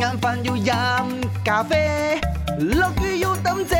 晏飯要飲咖啡，落雨要等遮。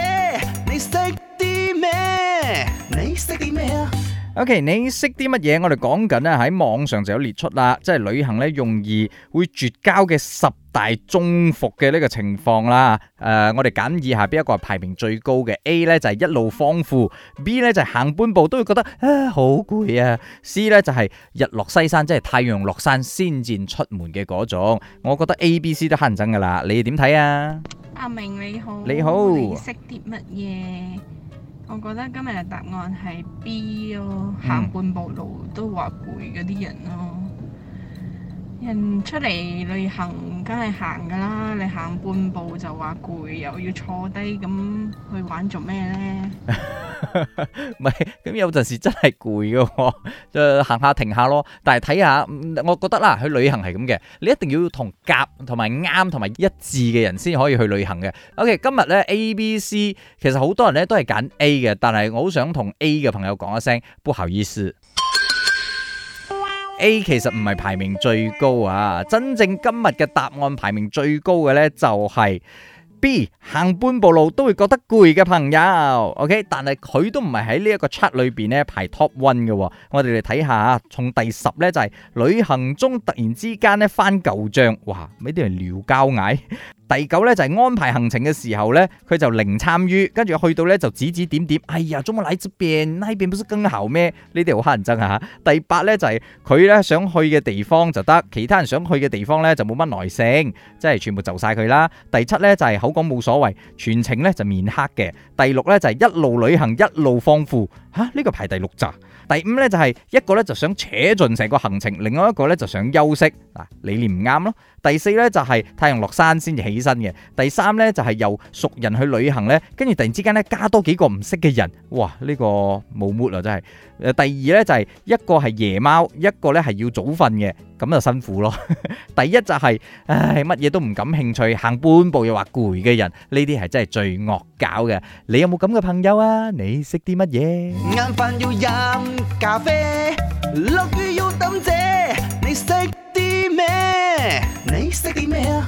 O.K. 你識啲乜嘢？我哋講緊咧喺網上就有列出啦，即係旅行咧容易會絕交嘅十大中伏嘅呢個情況啦。誒、呃，我哋揀以下邊一個係排名最高嘅 A 呢，就係、是、一路荒負，B 呢，就行、是、半步都會覺得啊好攰啊，C 呢，就係、是、日落西山，即係太陽落山先至出門嘅嗰種。我覺得 A、B、C 都乞人憎噶啦，你點睇啊？阿明你好，你好，你識啲乜嘢？我覺得今日嘅答案係 B 咯、哦，行、嗯、半步路都話攰嗰啲人咯、哦。人出嚟旅行，梗係行噶啦！你行半步就話攰，又要坐低咁去玩做咩咧？唔係，咁有陣時真係攰噶喎，就行下停下咯。但係睇下，我覺得啦，去旅行係咁嘅，你一定要同夾同埋啱同埋一致嘅人先可以去旅行嘅。OK，今日咧 A、B、C，其實好多人咧都係揀 A 嘅，但係我好想同 A 嘅朋友講一聲，不好意思。A 其實唔係排名最高啊，真正今日嘅答案排名最高嘅呢，就係、是、B 行半步路都會覺得攰嘅朋友，OK？但係佢都唔係喺呢一個 chart 裏邊咧排 top one 嘅、哦，我哋嚟睇下啊，從第十呢，就係、是、旅行中突然之間呢翻舊賬，哇！呢啲人撩交嗌。 第九呢，就係安排行程嘅時候呢，佢就零參與，跟住去到呢，就指指點點，哎呀，做乜喺呢邊，呢邊唔係更好咩？呢啲好乞人憎啊！第八呢，就係佢呢想去嘅地方就得，其他人想去嘅地方呢，就冇乜耐性，即係全部遷就晒佢啦。第七呢，就係口講冇所謂，全程呢就面黑嘅。第六呢，就係一路旅行一路放負，吓、啊、呢、呢個排第六咋？第五呢，就係一個呢，就想扯盡成個行程，另外一個呢，就想休息嗱，理念唔啱咯。第四呢，就係太陽落山先至起身嘅。第三呢，就係由熟人去旅行呢，跟住突然之間呢，加多幾個唔識嘅人，哇，呢個冇 mood 啊真係。第二呢，就係一個係夜貓，一個呢係要早瞓嘅，咁就辛苦咯。 第一就係、是、唉乜嘢都唔感興趣，行半步又話攰嘅人，呢啲係真係罪惡。搞嘅，你有冇咁嘅朋友啊？你識啲乜嘢？食飯要飲咖啡，落雨要等者，你識啲咩？你識啲咩啊？